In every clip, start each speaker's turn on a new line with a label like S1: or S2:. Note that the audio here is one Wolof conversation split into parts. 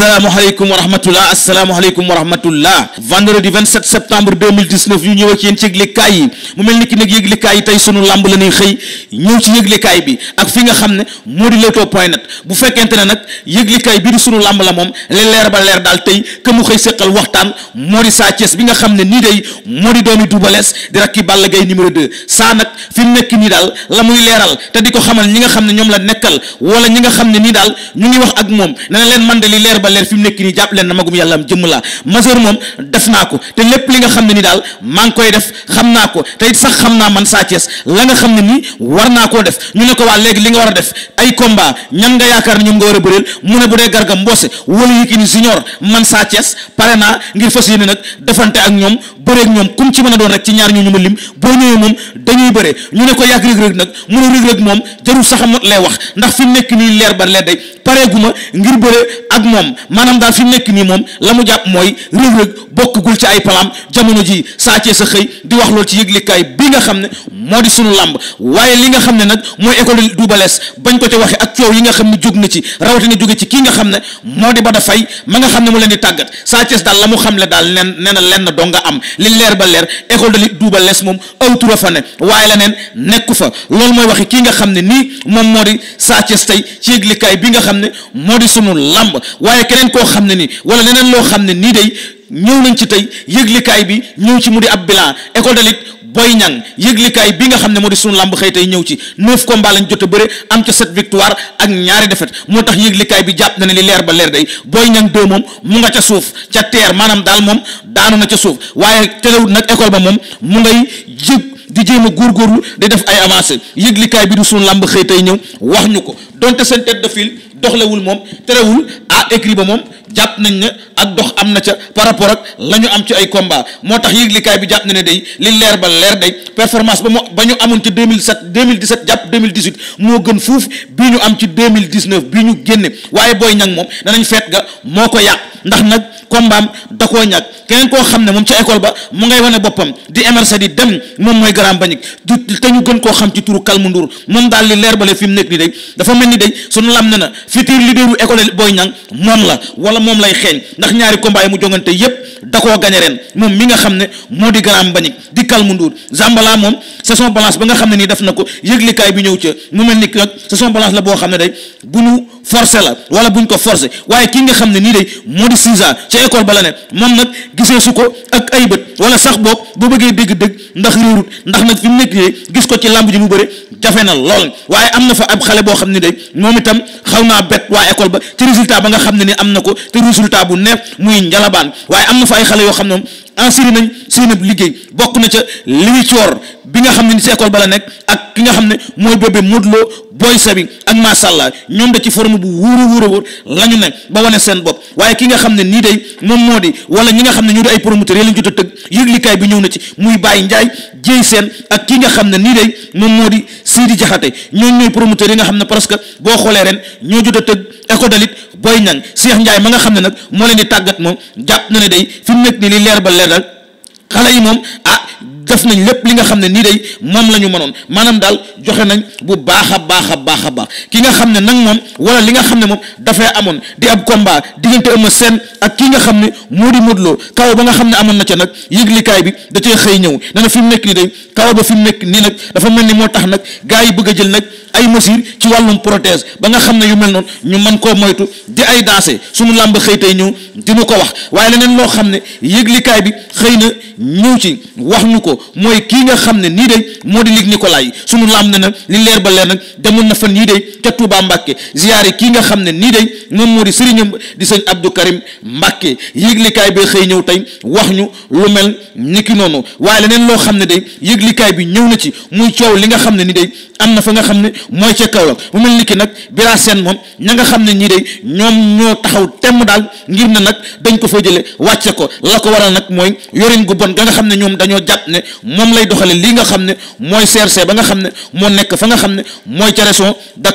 S1: asalaamaaleykum wa rahmatullah asalaamaaleykum wa rahmatullah vendredi 27 septembre 2019 ñu ñëw ak yéen ci yëglekaay yi mu mel ni ki nag yëglekaay yi bi ak fi nga xam ne moo di leewtoo point net bu fekkente ne nag yëglekaay bii di sunu làmb la moom li leer ba leer daal tey que xëy séqal waxtaan moo di Sa Thiès bi nga xam ne nii day moo di doomi Double Less di rakki Balla Gaye numéro 2 saa nag fi nekk nii daal la muy leeral te di ko xamal ñi nga xam ne ñoom la nekkal wala ñi nga xam ne nii daal ñu ngi wax ma leen fi mu nekk nii jàpp leen na magum yàlla am jëmm laa majeur moom def naa ko te lépp li nga xam ne ni daal maa ngi koy def xam naa ko te it sax xam naa man Sa Thiès la nga xam ne nii war naa koo def ñu ne ko waa léegi li nga war a def ay combat ñan nga yaakaar ne ñoom nga war a bëreel mu ne bu dee Garga Mbossé wala Yékini Junior man Sa Thiès pare naa ngir fas yéene defante ak ñoom bëreeg ñoom comme ci mën a doon rek ci ñaar ñu ñu ma lim boo ñëwee moom dañuy bëre ñu ne ko yàgg rëg-rëg nag mu ne rëg-rëg moom jarul sax mot lay wax ndax fi mu nekk nii leer ba leer day pareeguma ngir bëre ak moom maanaam daal fi mu nekk nii moom la mu jàpp mooy rëg bokkagul ci ay palaam jamono ji saacee sa xëy di wax loolu ci yëglikaay bi nga xam ne moo di sunu làmb waaye li nga xam ne nag mooy école du balees bañ ko ca waxee ak coow yi nga xam ne jóg na ci rawatina jóge ci kii nga xam ne moo di ba dafay ma nga xam ne mu leen di tàggat saa Thiès daal la mu xam le daal nen nee na lenn doo nga am li leer ba leer école de li duuba lees moom aw tura fa ne waaye la neen nekku fa loolu mooy waxi kii nga xam ne nii moom moo di Sa tey ci yëglikaay bi nga xam ne moo di sunu làmb waaye keneen koo xam ne nii wala leneen loo xam ne nii day ñëw nañ ci tey yëglikaay bi ñëw ci mu di ab bilan école de lutte Boy Niang yëglikaay bi nga xam ne moo di sunu làmb xëy tey ñëw ci neuf combats lañ jot a bëre am ca sept victoire ak ñaari défaite moo tax yëglikaay bi jàpp na ne li leer ba leer dey booy Niang deux moom mu nga ca suuf ca teer maanaam daal moom daanu na ca suuf waaye terewul nag école ba moom mu ngay jëg di jéem a góorgóorlu di def ay avancé yëglikaay bi du sunu làmb xëy tey ñëw wax ñu ko donte seen tête de file doxlewul moom terewul à écrit ba moom jàpp nañ ne ak dox am na ca par rapport ak la ñu am ci ay combat moo tax yëglikaay bi jàpp na ne day li leer ba leer day performance ba mu ba ñu amoon ci 2007 2017 jàpp 2018 moo gën fuuf bii ñu am ci 2019 bii ñu génne waaye booy ñag moom danañ feet ga moo ko yàq ndax nag kombaam da koo ñàkk keneen koo xam ne moom ca école ba mu ngay wane boppam di émercé di dem moom mooy garaam bañik du te ñu gën koo xam ci turu kalmundur moom daal li leer ba le fi mu nekk ni day dafa ni day sunu lam ne na futur leader u école Boy Niang moom la wala moom lay xeeñ ndax ñaari combat mu jongante yépp da koo moom mi nga xam ne moo di garaam bañik di kalmu nduur zambala moom sa saison balance ba nga xam ne nii def na ko yëglikaay bi ñëw ca mu mel ni nag saison balance la boo xam ne day bu ñu forcé la wala buñ ko forcé waaye kii nga xam ne nii day moo di Cisa ca école ba la ne moom nag gisee su ko ak ay bët wala sax boog boo bëggee dégg-dégg ndax réerut ndax nag fi mu nekk gis ko ci làmb ji mu bëre jafe na lool waaye am na fa ab xale boo xam ne day moom itam xaw naa bet waa école ba ci ba nga xam ne ni am na ko te résultat bu neef muy njalabaan waaye am na fa ay xale yoo xam ne moom ensiri nañ seen ab liggéey bokk na ca li coor bi nga xam ne ni si école bala nekk ak ki nga xam ne mooy bébé Modou Lo Boy Sabi ak masàllaa ñoom da ci forme bu wóor a wóor a la ñu nekk ba wane seen bopp waaye ki nga xam ne nii dey moom moo di wala ñi nga xam ne ñoo di ay promoteurs yi lañu jot a tëgg yëglikaay bi ñëw na ci muy Baye Ndiaye jéy seen ak ki nga xam ne nii day moom moo di Sidi Jaxate ñooñu ñooy promoteurs yi nga xam ne parce que boo xoolee ren ñoo jot a tëgg école dalit Boy Niang Cheikh Ndiaye ma nga xam ne nag moo leen di tàggat moom jàpp na ne day fi mu nekk ni li leer ba leer dal xale yi moom ah def nañ lépp li nga xam ne nii day moom la ñu mënoon maanaam daal joxe nañ bu baax a baax a baax a baax ki nga xam ne nag moom wala li nga xam ne moom dafay amoon di ab combat diggante Eumeu Sène ak ki nga xam ne moo di Modou kaw ba nga xam ne amoon na ca nag yëglikaay bi da cee xëy ñëw nee na fi mu nekk nii day kaw ba fi mu nekk nii nag dafa mel ni moo tax nag gars yi bëgg a jël nag ay mesures ci wàllum prothèse ba nga xam ne yu mel noonu ñu man koo moytu di ay dansé suñu làmb xëy tey ñëw dinu ko wax waaye leneen moo xam ne yëglikaay bi xëy na ñëw ci wax ñu ko mooy kii nga xam ne nii day moo di Luc Nicolaï sunu laam ne nag li leer ba leer nag na fan yii day ca Touba Mbàkke ziyaare nga xam ne nii day moom moo di sëriñam di sëñ Abdou Karim Mbàkke yëglikaay bi xëy ñëw ñu lu mel ni ki noonu waaye loo xam ne day yëglikaay bi ñëw na ci muy coow li nga xam ne ni day am na fa nga xam ne mooy ca Kaolack mu ki nag bira seen moom ña nga xam ne ñii day ñoo taxaw temm daal ngir ne nag dañ ko fa jële wàcce ko la ko waral nag mooy yorin gu bon ga nga xam ne ñoom dañoo jàpp ne moom lay doxale li nga xam ne mooy CRC ba nga xam ne moo nekk fa nga xam ne mooy cere région de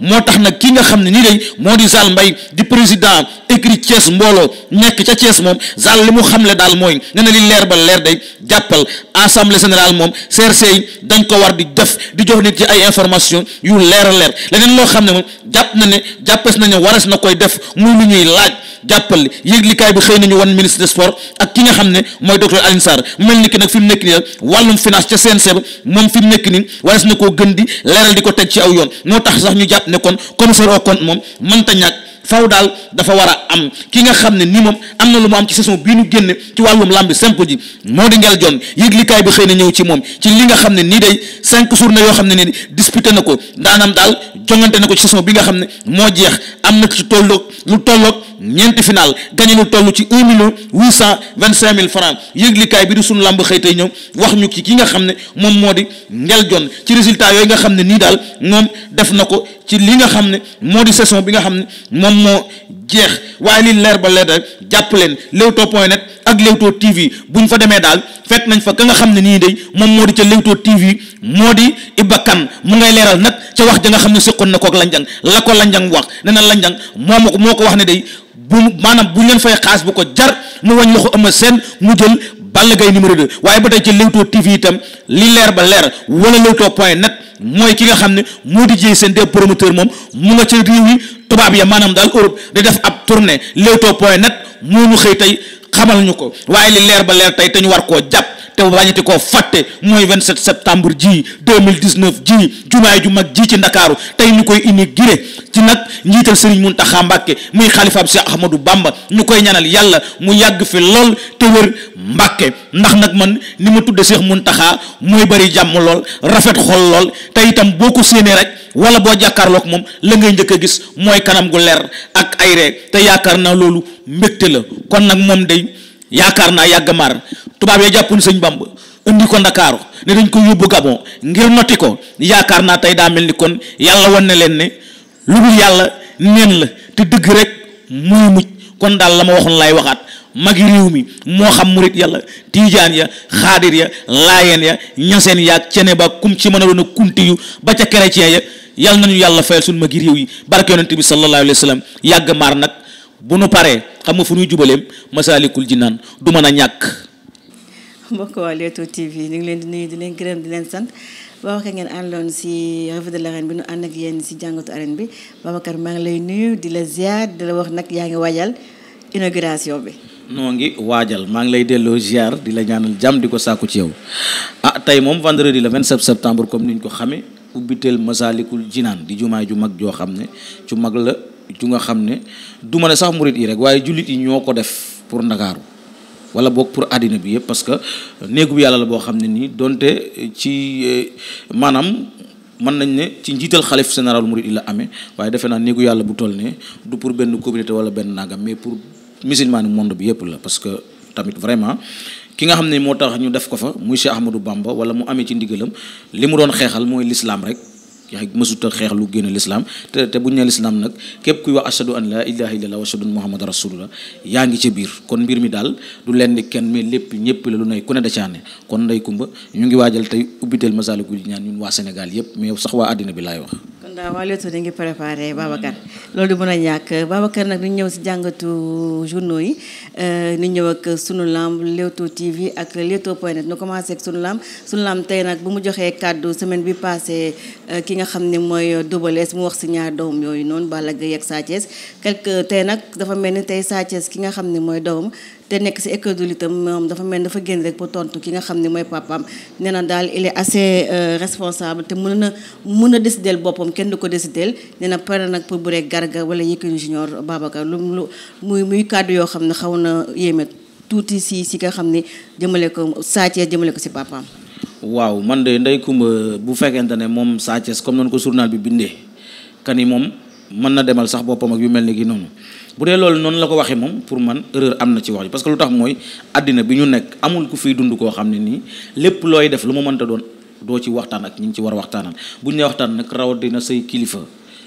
S1: moo tax nag ki nga xam ne nii day moo di Zal mbay di président écrit Thiès mbooloo nekk ca Thiès moom Zal li mu xamle daal mooy nee li leer ba leer day jàppal assemblée générale moom CRC yi dañ ko war di def di jox nit ci ay information yu leer a leer leneen loo xam ne moom jàpp na ne jàppes na ne waras na koy def muy lu ñuy laaj jàppal yëglikaay bi xëy nañu wan ministre de sport ak ki nga xam ne mooy docteur Alioune Sarr mel ni ki nag fi mu nekk nii wàllum finance ca CNC moom fi mu nekk nii waras na koo gën di leeral di ko teg ci aw yoon moo tax sax ñu jàpp ne kon commissaire au compte moom manta ñàkk faw daal dafa war a am ki nga xam ne ni moom am na lu mu am ci saison bi ñu génn ci wàllum làmb simple ji moo di ngel jon yëglikaay bi xëy na ñëw ci moom ci li nga xam ne nii day cinq jours na xam ne nii disputé na ko daanam daal jongante na ko ci saison bi nga xam ne moo jeex am na ci tolloog lu tolloog ñeenti final gagné lu toll ci un million huit bi di sunu làmb xëy tey ñëw wax ñu ci ki nga xam ne moom moo di ngel jon ci résultat yooyu nga xam ne nii daal moom def na ko ci li nga xam ne moo di bi nga xam ne moom moo jeex waaye li leer ba leer rek jàpp leen Leewtoo point net ak Leewtoo TV bu fa demee daal fekk nañ fa ka nga xam ne nii day moom moo di ca Leewtoo TV moo di Iba Kane mu ngay leeral nag ca wax ja nga xam ne seqoon na kook lanjang la ko lanjang wax nee na lanjang moo moo ko wax ne day bu maanaam bu leen fay xaas bu ko jar mu wañ loxo Eumeu Sène mu jël Balla Gaye numéro 2 waaye ba tey ci Leewtoo TV itam li leer ba leer wala Leewtoo point net mooy ki nga xam ne moo di jëy seen des promoteur moom mu nga ca réew tubaab ya maanaam daal Europe di def ab tournée Leewtoo point net moo ñu xëy tey xamal ñu ko waaye li leer ba leer tey te ñu war koo jàpp te bañati koo fàtte mooy 27 septembre ji 2019 ji jumaay ju mag ji ci ndakaaru tey ñu koy inauguré ci nag njiital Serigne Mountakha Mbacké muy xalifaab Cheikh Ahmadou Bamba ñu koy ñanal yàlla mu yàgg fi lool te wër Mbacké ndax nag man ni ma tudde mun Mountakha mooy bari jàmm lool rafet xol lool te itam boo ko séenee rek wala boo jàkkaarloog moom la ngay njëkk a gis mooy kanam gu leer ak ay te yaakaar naa loolu mbégte la yaakaar naa yàgg maar tubaab ya jàppuñ sëñ bamb indi ko ndakaaru ne dañ ko yóbbu gabon ngir noti ko yaakaar naa tey daa mel ni kon yàlla wan na leen ne lu dul yàlla neen la te dëgg rek muy mucc kon daal la ma waxoon lay waxaat magi réew mi moo xam murit yàlla tiijaan ya xaadir ya laayeen ya ñaseen yaag cene ba kum ci mën a doon a kunti yu ba ca chrétien ya yàlla nañu yàlla fayal suñ magi réew yi barke yonente bi sallallahu alayhi wa yàgg maar nag bu nu paree xam nga fu ñuy jubaleem masaalikul jinaan du mën a ñàkk
S2: mbokk waa Leewtoo TV ñu ngi leen di nuyu di leen gërëm di leen sant Babacar ngeen àndoon si revue de l'arène bi nu ànd ak yéen si jàngatu arène bi maa ngi lay nuyu di la ziar di la wax nag yaa ngi waajal inauguration bi
S1: noo ngi waajal maa ngi lay delloo ziar di la ñaanal jàmm di ko sàkku ci yow ah tey moom vendredi le 27 septembre comme ñu ko xamee ubbiteel Masaalikul Jinaan di jumaay ju mag joo xam ne ju mag la ju nga xam ne du ma ne sax murit yi rek waaye jullit yi ñoo ko def pour ndakaaru wala boo pour àddina bi yëpp parce que néegu bi yàlla la boo xam ne nii donte ci eh, maanaam mën nañ ne ci njiital xalif général murit yi la amee waaye defe naa néegu yàlla bu toll ne du pour benn communauté wala benn nagam mais pour musulman monde bi yëpp la parce que tamit vraiment ki nga xam ne moo tax ñu def ko fa muy Cheikh Ahmadou Bamba wala mu amee ci ndigalam li mu doon xeexal mooy l'islam rek mësut a xeex lu génn lislaam te te buñ ne lislaam nag képp kuy wax ashadu an la ilaha illallah wa ashadu an muhammad rasulullah yaa ngi ce biir kon mbir mi daal du leen di kenn mais lépp ñëpp la lu nay ku ne da caane kon ndey kumba ñu ngi waajal tey ubbiteel Masaalikul Jinaan ñun waa Sénégal yëpp mais sax waa àddina bi laay wax
S2: waaw waa Leewtoo di ngi préparé Babacar loolu du mën a ñàkk Babacar nag ñu ñëw si jàngatu journaux yi euh, ñu ñëw ak sunu lamb Leewtoo TV ak Leewtoo point net ñu commencé ak sunu lamb sunu lamb tey nag bu mu joxee kàddu semaine bi passé euh, ki nga xam ne mooy Double Less mu wax si ñaar doom yooyu noonu Balla Gaye ak Sa Thiès tey nag dafa mel ni tey Sa ki nga xam ni mooy doom te nekk si école de lutte moom dafa mel dafa génn rek ba tontu ki nga xam ne mooy papaam nee na daal il est assez euh, responsable te mën na mën a del boppam kenn du ko décider nee na pare nag pour bu rek Garga wala Yékini Junior Babacar lu muy muy kàddu yoo xam ne xaw na yéeme tuuti si si nga xam ni jëmale ko Sathies jëmale ko si papaam.
S1: waaw man de Ndeye Coumba bu fekkente ne moom Sathies comme noonu ko journal bi bindee kani moom. mën na demal sax boppam ak yu mel ni ki noonu bu dee loolu noonu la ko waxee moom pour man erreur am na ci wax ji parce que lu tax mooy àddina bi ñu nekk amul ku fiy dund koo xam ne nii lépp looy def lu ma mënta doon doo ci waxtaan ak ñi ngi ci war a waxtaanal bu ñu nee waxtaan nag rawatina say kilifa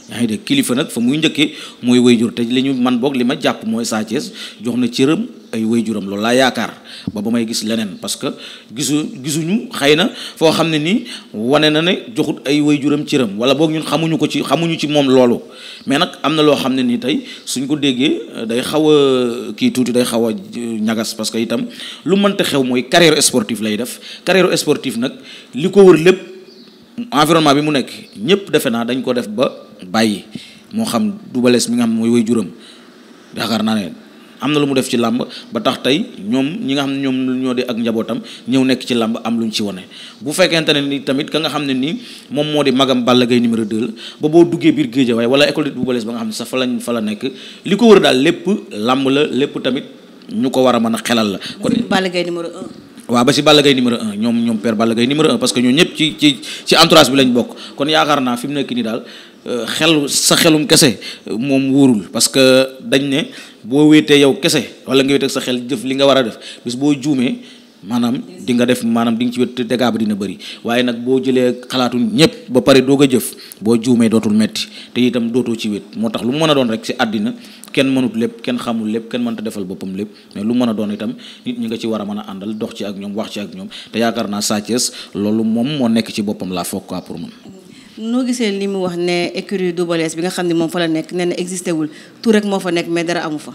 S1: yaa ngi dégg kilifa nag fa muy njëkkee mooy wayjur te li ñu man boog li ma jàpp mooy Sa jox na cëram ay wayjuram loolu laa yaakaar ba ba may gis leneen parce que gisu gisuñu xëy na foo xam ne nii wane na ne joxut ay wayjuram cëram wala boog ñun xamuñu ko ci xamuñu ci moom loolu mais nag am na loo xam ne nii tey suñ ko déggee day xaw a kii tuuti day xaw a ñagas parce que itam lu mënta xew mooy carrière sportive lay def carrière sportif nag li ko wër lépp environnement bi mu nekk ñëpp defe naa dañ ko def ba bàyyi moo xam dubalees mi nga xam mooy way juróom yaakaar naa ne am na lu mu def ci làmb ba tax tey ñoom ñi nga xam ne ñoom ñoo di ak njabootam ñëw nekk ci làmb am lu ñu ci wane bu fekkente ne nii tamit ka nga xam ne nii moom moo di magam Balla Gaye numéro 2 la ba boo duggee biir waaye wala école de dubalees ba nga xam ne sax fa lañ fa la nekk li ko war a daal lépp làmb la lépp tamit ñu ko war a mën a xelal la. waaw ba si Balla Gaye numéro un ñoom ñoom père Balla Gaye numéro un parce que ñoo ñëpp ci ci ci bi lañ bokk kon yaakaar naa fi mu nekk nii daal euh, xel sa xelum kese euh, moom wóorul parce que dañ ne boo wéetee yow kese wala nga wéetee sa xel jëf li nga war a def bis boo juumee maanaam di nga def maanaam di nga ci wet dégâts ba dina bëri waaye nag boo jëlee xalaatu ñëpp ba pare doog a jëf boo juumee dootul metti te itam dootoo ci wet moo tax lu mu mën a doon rek si àddina kenn mënut lépp kenn xamul lépp kenn mënta defal boppam lépp mais lu mën doon itam nit ñi nga ci war a mën a àndal dox ci ak ñoom wax ci ak ñoom te yaakaar naa Sa loolu moom moo nekk ci boppam laa foog quoi pour man
S2: noo gisee li mu wax ne écurie Double Less bi nga xam ne moom fa la nekk nee na existé wul tout rek moo fa nekk mais dara amu fa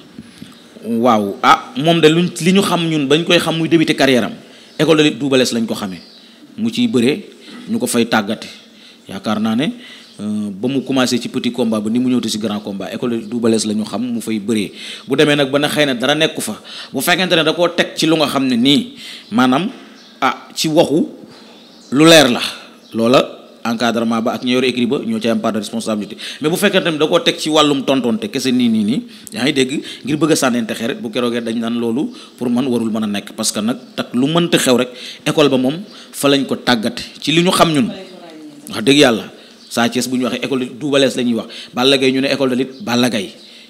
S1: waaw a ah, moom de luñ li ñu xam ñun bañ koy xam muy débuté carrière am école de Double Less lañ ko xamee mu ciy bëree ñu ko fay tàggate yaakaar naa ne euh, ba mu commencer ci petit combat ba ni mu ñëwte si grand komba école de Double Less la ñu xam mu fay bëree bu demee nag ba na xëy na dara nekku fa bu fekkente ne da koo teg ci lu nga xam ne nii maanaam ah ci waxu lu leer la loola encadrement ba ak ñi yor écrit ba ñoo ci am part de responsabilité mais bu fekkee tamit da koo teg ci wàllum tontonte kese nii nii nii yaa ngi dégg ngir bëgg a sànnente xeret bu keroogee dañ naan loolu pour man warul mën a nekk parce que nag tak lu mënta xew rek école ba moom fa lañ ko tàggate ci li ñu xam ñun wax dëgg yàlla Sa Thiès bu ñu waxee école de Double Less la ñuy wax Balla Gaye ñu ne école de lutte Balla Gaye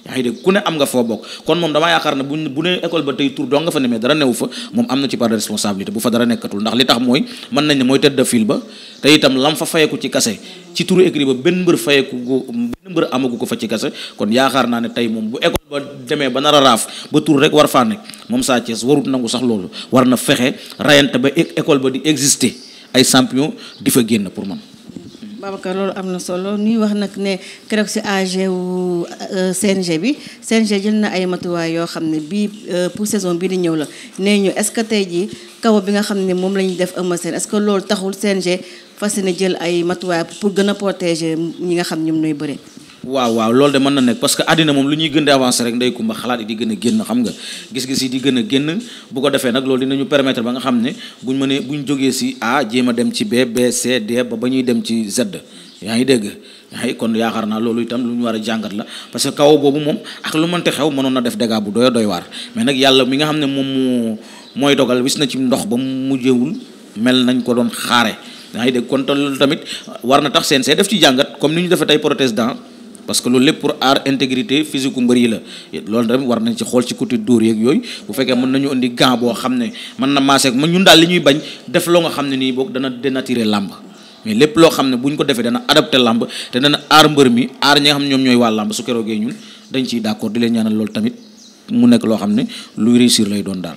S1: yaa ngi ku ne am nga foo bokk kon moom damaa yaakaar ne buñ bu ne école ba tey tur doo nga fa ne mais dara newu fa moom am na ci part responsabilité bu fa dara nekkatul ndax li tax mooy mën nañ ne mooy tête a file ba te itam lam fa fayeku ci kase ci turu écrit ba benn mbër fayeku gu benn mbër amagu ko fa ci kase kon yaakaar naa ne tey moom bu école ba demee ba nar a raaf ba tur rek war faa nekk moom Sa Thiès warut nangu sax loolu war na fexe rayante ba école ba di exister ay champion di fa génn pour man
S2: Babacar loolu am na solo nuy wax nag ne keroog si AG wu euh, CNG bi CNG jël na ay matuwaay yoo xam ne bii euh, pour saison bii di ñëw la nee ñu est-ce que tey jii kaw bi nga xam ne moom la ñuy def Eumeu Sène est que loolu taxul CNG fas yéene jël ay matuwaay pour gën a protéger ñi nga xam ñoom ñooy bëre.
S1: waaw waaw loolu de mën na nekk parce que àddina moom lu ñuy gën di avancer rek ndey kumba xalaat yi di gën a génn xam nga gis-gis yi di gën a génn bu ko defee nag loolu dinañu permettre ba nga xam ne buñ mënee buñ jógee si A jéem a dem ci B B C ba ba ñuy dem ci Z yaa ngi dégg kon yaakaar naa loolu itam lu ñu war a jàngat la parce que kaw boobu moom ak lu mënte xew mënoon na def dégâts bu doy doy waar mais nag yàlla mi nga xam ne moom mooy dogal wis na ci ndox ba mujjewul mel nañ ko doon xaare yaa ngi dégg kon loolu tamit war na tax seen see def ci jàngat comme ni ñu defee tey protestant parce que loolu lépp pour aar intégrité physique gu mbër yi la loolu tamit war nañ ci xool ci côté dóor yeeg yooyu bu fekkee mën nañu indi gant boo xam ne mën na maaseeg man ñun daal li ñuy bañ def loo nga xam ne nii boo dana dénaturer làmb mais lépp loo xam ne bu ñu ko defee dana adapté làmb te dana aar mbër mi aar ñi nga xam ñoom ñooy waa làmb su keroogee ñun dañ ciy d'accord di leen ñaanal loolu tamit mu nekk loo xam ne luy réussir lay doon daal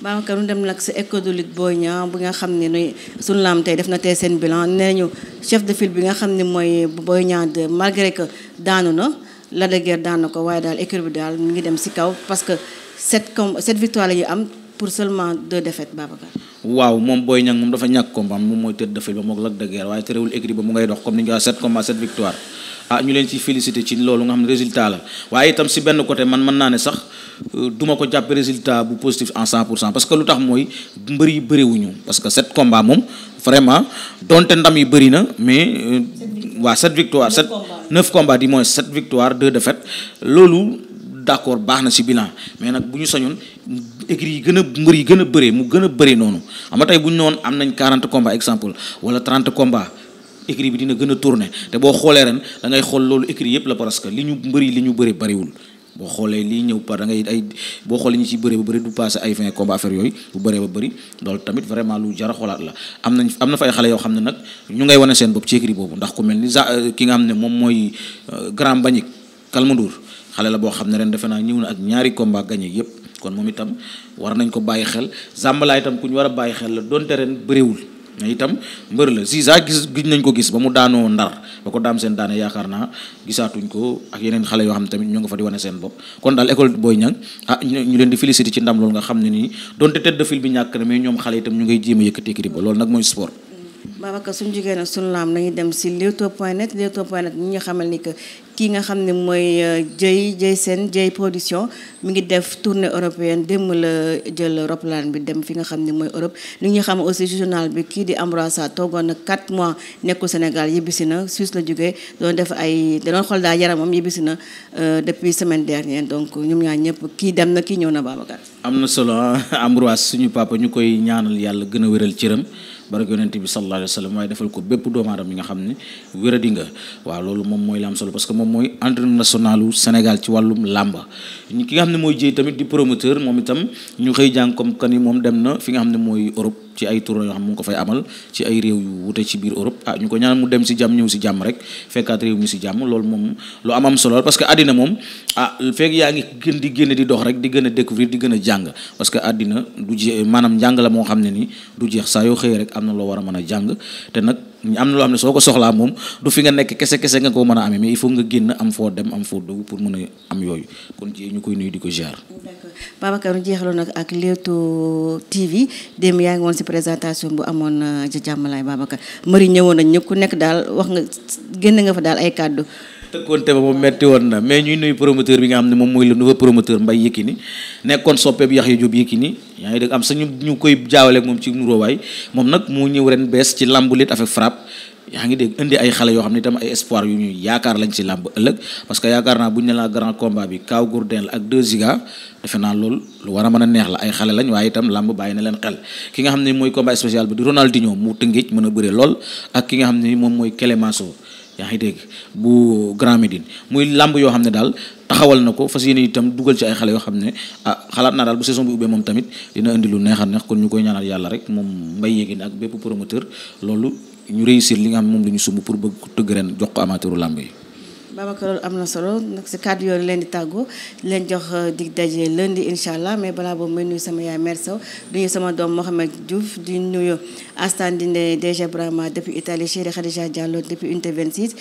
S2: Babacar ñu dem nag si écodolique Boy Niang bi nga xam ne ni suñu laam tey def na tey seen bilan nee ñu chef de file bi nga xam ne mooy Boy Niang 2 malgré que daanu na la de daan daanu ko waaye daal écurie bi daal mu ngi dem si kaw parce que sept com sept victoire la ñu am pour seulement deux défaites Babacar.
S1: waaw moom Boy Niang moom dafa ñàkk combat moom mooy tête de file ba mu ngay dox comme ni ñu ko waxee sept combat victoire. ah ñu leen ci félicité ci loolu nga xam ne résultat la waaye itam si benn côté man mën naa ne sax euh, duma ko jàppe résultat bu positif en 100 pour cent parce que lu tax mooy mbër yi bëriwuñu parce que sept combat moom vraiment donte ndam yi bëri na mais euh, waa sept victoire sept neuf combat du moins sept victoire deux fet loolu d'accord baax na si bilan mais nag bu ñu sañoon écrit yi gën a mbër yi gën a bëree mu gën a bëree noonu xam nga tey bu ñu noon am nañ 40 combat exemple wala 30 combat écrit bi dina gën tourné te boo xoolee ren da ngay xool loolu écrit yëpp la parce que li ñu mbëri li ñu bëri bariwul boo xoolee lii ñëw par da ngay ay boo xoolee ñi ci bëree ba bëri du passé ay fin combat affaire yooyu bu bëree ba bëri loolu tamit vraiment lu jara xoolaat la am nañ am na fa xale yoo xam ne nag ñu ngay wane seen bopp ci écrit boobu ndax ku mel ni euh, ki nga xam ne moom mooy euh, grand bañik kalmandour xale la boo xam ne ren defe naa ñëw na ak ñaari combat gagné yëpp kon moom itam war nañ ko bàyyi xel zambala itam ku ñu war a bàyyi xel la donte ren bëriwul itam mbër la Ziza gis gis nañ ko gis ba mu daanoo ndar ba ko daam seen daane yaakaar naa gisaatuñ ko ak yeneen xale yoo xam ne tamit ñoo nga fa di wane seen bopp kon daal école Boy Niang ah ñu leen di féliciter ci ndam loolu nga xam ne nii donte tête de file bi ñàkk na mais ñoom xale itam ñu ngay jéem a yëkkati ba loolu nag mooy sport
S2: Babacar suñu jugee nag suñu laam nañu dem si Leewtoo point net ñi nga xamal ni que kii nga xam ne mooy Dieye euh, Dieye Sène Dieye production mi ngi def tournée européenne démb la jël roplaan bi dem fi nga xam ne mooy Europe. li nga xam aussi journal bi kii di Ambroise Sarr toogoon na 4 mois nekkul Sénégal yëbbisi na Suisse la jógee doon def ay doon xool daal yaramam yëbbisi na euh, depuis semaine dernière donc ñoom ñaar ñëpp kii dem na kii ñëw na Babacar.
S1: am na solo ah, Ambroise suñu papa ñu koy ñaanal yàlla gën a wéral cëram. barke yonent bi sallallahu alayhi wa waaye defal ko bépp doomu aadama nga xam ne wéradi nga waaw loolu moom mooy lam solo parce que moom mooy entraîneur nationalu Sénégal ci wàllum làmba ki nga xam ne mooy jéy tamit di promoteur moom itam ñu xëy jàng comme kan ni moom dem na fi nga xam ne mooy Europe ci ay tournée yoo xam mu ngi ko fay amal ci ay réew yu wute ci biir Europe ah ñu ko ñaan mu dem si jàmm ñëw si jàmm rek fekkaat réew mi si jàmm loolu moom lu am am solo parce que àddina moom ah fekk yaa ngi gën di génne di dox rek di gën a découvrir di gën a jàng parce que àddina du jeex maanaam njàng la moo xam ne nii du jeex saa yoo xëyee rek am na loo war a mën a jàng te nag ñu am na loo xam ne soo ko soxlaa moom du fi nga nekk kese kese nga ko mën a amee mais il faut nga génn am foo dem am foo dugg pour mën a am yooyu kon ci ñu koy nuyu di ko ziar. d'accord
S2: Babacar ñu jeexaloon nag ak Leewtoo TV démb yaa ngi woon si présentation bu amoon na euh, ja jàmmalaay Babacar Marie ñëwoon nañ ñëpp ku nekk daal wax nga génne nga fa daal ay kàddu.
S1: tëkkoonte ba moom metti woon na mais ñuy nuyu promoteur bi nga xam ne moom mooy le nouveau promoteur Mbaye Yékini nekkoon soppeeb Yaxya Jóob Yékini yaa ngi dégg am sañu ñu koy jaawale moom ci muróowaay moom nag moo ñëw ren bees ci làmb lit avec frappe yaa ngi dégg indi ay xale yoo xam ne itam ay espoir yu ñuy yaakaar lañ si làmb ëllëg parce que yaakaar naa bu ñu ne la grand combat bi naa loolu lu war a mën a neex la ay xale lañ waaye itam làmb bàyyi na leen xel ki nga xam ne mooy combat spécial bi di Ronaldinho mu a bëre lool ak ki nga xam ne moom mooy Clémenceau yaa ngi dégg bu Grand Médine muy làmb yoo xam ne daal taxawal na ko fas yéene itam dugal ci ay xale yoo xam ne ah xalaat naa daal bu saison bi ubbee moom tamit dina indi lu neexat neex kon ñu koy ñaanal yàlla rek moom mbay yéegi ne ak bépp promoteur loolu ñu réussir li nga xam ne moom la ñu sumb pour bëgg tëgg ren jox ko amateuru làmb yi
S2: Babacar loolu am na solo nag si kàddu yooyu leen di tàggoo leen jox uh, dig daje lundi incha allah mais balaa boobu may nuy sama yaay mère Sow du nuyu sama doom Mohamed Diouf di nuyu Astan Dine DG Brahma depuis Italie Chérie Khadija Diallo depuis unité 26.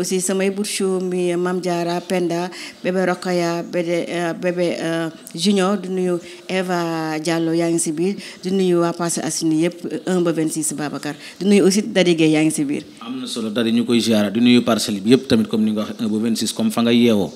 S2: aussi samay bourchou mi Mam Diara Penda bébé Rokaya bébé uh, bébé uh, Junior du nuyu Eva Diallo yaa ngi si biir du nuyu waa Passé Assini yëpp 1 ba 26 Babacar du nuyu aussi Dadi yaa ngi si biir.
S1: am na solo Dadi ñu koy ziara du nuyu parcelle bi yëpp tamit comme ni nga wax 1 ba 26 comme fa nga yeewoo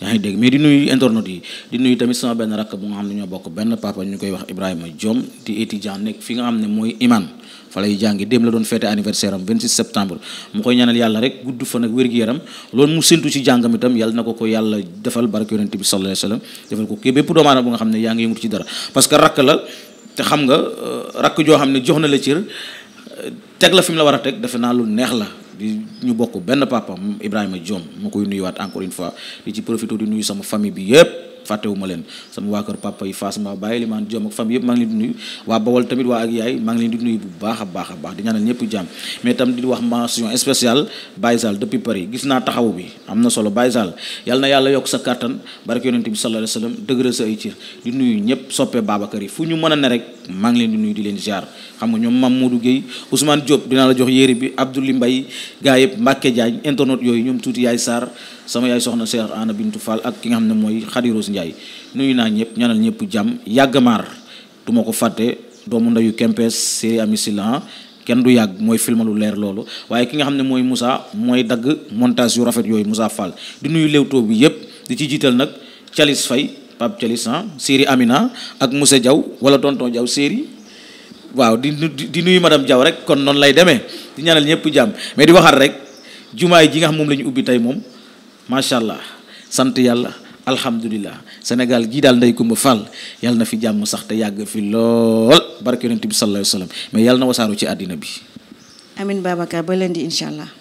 S1: yaa ngi dégg mais di nuyu internautes yi di nuyu tamit sama benn rakk bu nga xam ne ñoo bokk benn papa ñu koy wax Ibrahima Diom di étudiant nekk fi nga xam ne mooy iman fa lay jàngi démb la doon fêté anniversaire am 26 septembre mu koy ñaanal yàlla rek gudd fan ak wér-gu-yaram loolu mu séntu ci jàngam itam yàlla na ko ko yàlla defal barke yonente bi sallallahu alayhi wasallam defal ko kii bépp doomu bu xam ne yaa ngi yëngu ci dara parce que nga euh, rakk joo xam ne jox na la teg la fi la war a teg defe naa lu neex la di ñu bokk benn papa Ibrahima Diom ma koy nuyuwaat encore une fois di ci profité di nuyu sama famille bi yëpp. fàttewuma leen sama waa kër papa yi Fass ma bàyyi limaan jom ak fam yëpp maa ngi leen di nuyu waa Bawol tamit waa ak yaay maa ngi leen di nuyu bu baax a baax a baax di ñaanal ñëpp jàmm mais tam di bi am na solo Baye Sall na yàlla yokk sa kattan barke yonent bi sallallahu alayhi sa ay cir di nuyu ñëpp soppee Babacar yi fu ñu mën a ne rek maa leen di nuyu di leen ziar xam nga ñoom Mamadou Gueye Ousmane Diop dinaa la jox yére bi Abdoulaye Mbaye gaa yëpp Mbacke Diagne internaute Ndiaye nuyu naa ñëpp ñanal ñëpp jàmm yàggamaar du ma ko fàtte doomu ndeyu Kempes série ami silan ah. kenn du yàgg mooy filmalu leer loolu waaye ki nga xam ne mooy Moussa mooy dagg montage yu rafet yooyu Moussa Fall di nuyu Leewtoo bi yëpp di ci jiital nag Thialis Faye Pape Thialis ah série Amina ak Moussa jaw wala tonton Diaw série waaw di di nuyu madame jaw rek kon noonu lay demee di ñaanal ñëpp jàmm mais di waxaat rek jumaay ji nga xam moom la ñu ubbi tey moom macha allah sant yàlla alhamdulilah Sénégal gii daal ndey Kumba Fall yàlla na fi jàmm sax te yàgg fi lool barke yonent bi sallallahu alayhi mais yàlla na wasaaru ci àddina bi.
S2: amin Babacar ba leen allah.